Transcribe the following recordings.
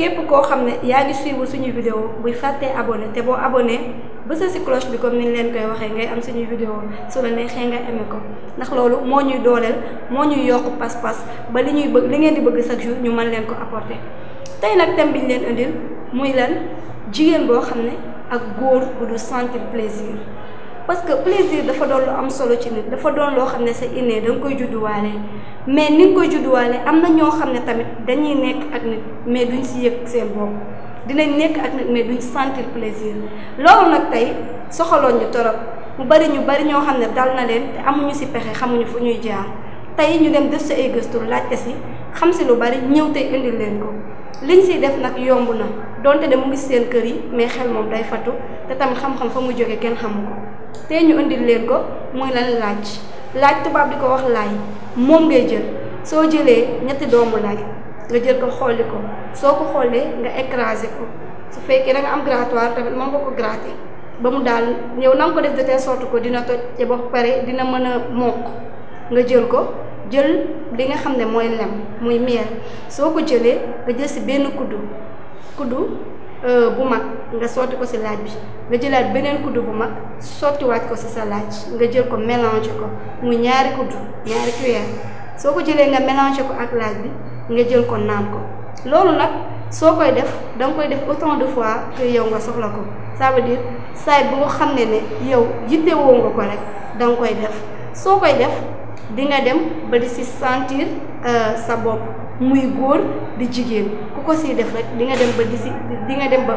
képp koo xam ne yaa ngi suivre suñu vidéo buy fàttee abonné te boo abonné bësa si cloche bi comme niñ leen koy waxee ngay am suñu vidéo su la neexee nga aimé ko ndax loolu moo ñuy dooleel moo ñuy yokk pas-pas ba li ñuy bëgg li ngeen di bëgg chaque ñu man leen ko apporter tey nag thème bi ñu leen indil muy lan jigéen boo xam ne ak góor bu du sentir plaisir parce que plaisir dafa doon lu am solo ci nit dafa doon loo xam ne sa inné da nga koy judduwaale mais ni nga koy judduwaale am na ñoo xam ne tamit dañuy nekk ak nit mais duñ si yëg seen bopp dinañ nekk ak nit mais duñ sentir plaisir loolu nag tey soxaloon ñu torop mu bari ñu bari ñoo xam ne dal na leen te amuñu si pexe xamuñu fu ñuy jaar tey ñu dem def si ay gëstu laajte si xam si lu bari ñëw tey indil leen ko liñ siy def nag yomb na donte de mu seen kër yi mais xel moom day fatu te tamit xam-xam mu jóge kenn xamu ko tey ñu indil leen ko mooy lan laaj laaj tubaab di ko wax laay moom ngay jël soo jëlee ñetti doomu laaj nga jël ko xooli ko soo ko xoolee nga écrasé ko su fekkee da am grattoir tamit mën nga ko gratter ba mu daal yow na ko def de telle sorte ko dina toj te ba pare dina mën a mokk nga jël ko jël li nga xam ne mooy lem muy miel soo ko jëlee nga jël si benn kuddu kuddu. Euh, bu mag nga sotti ko si laaj bi nga jëlaat beneen kuddu bu mag sottiwaat ko si sa laaj nga jël ko mélanger ko mu ñaari kuddu ñaari cuillère soo ko jëlee nga mélanger ko ak laaj bi nga jël ko naan ko loolu nag soo koy def danga koy def autant de fois que yow nga soxla ko ça veut dire saay bu xam ne ne yow yittewoo nga ko rek danga koy def soo koy def di nga dem ba di si sentir euh, sa bopp muy góor di jigéen ku ko siy def rek di nga dem ba di di nga dem ba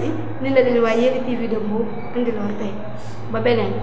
si li la leen waa Yelli TV de Mbour indiloon tey ba beneen.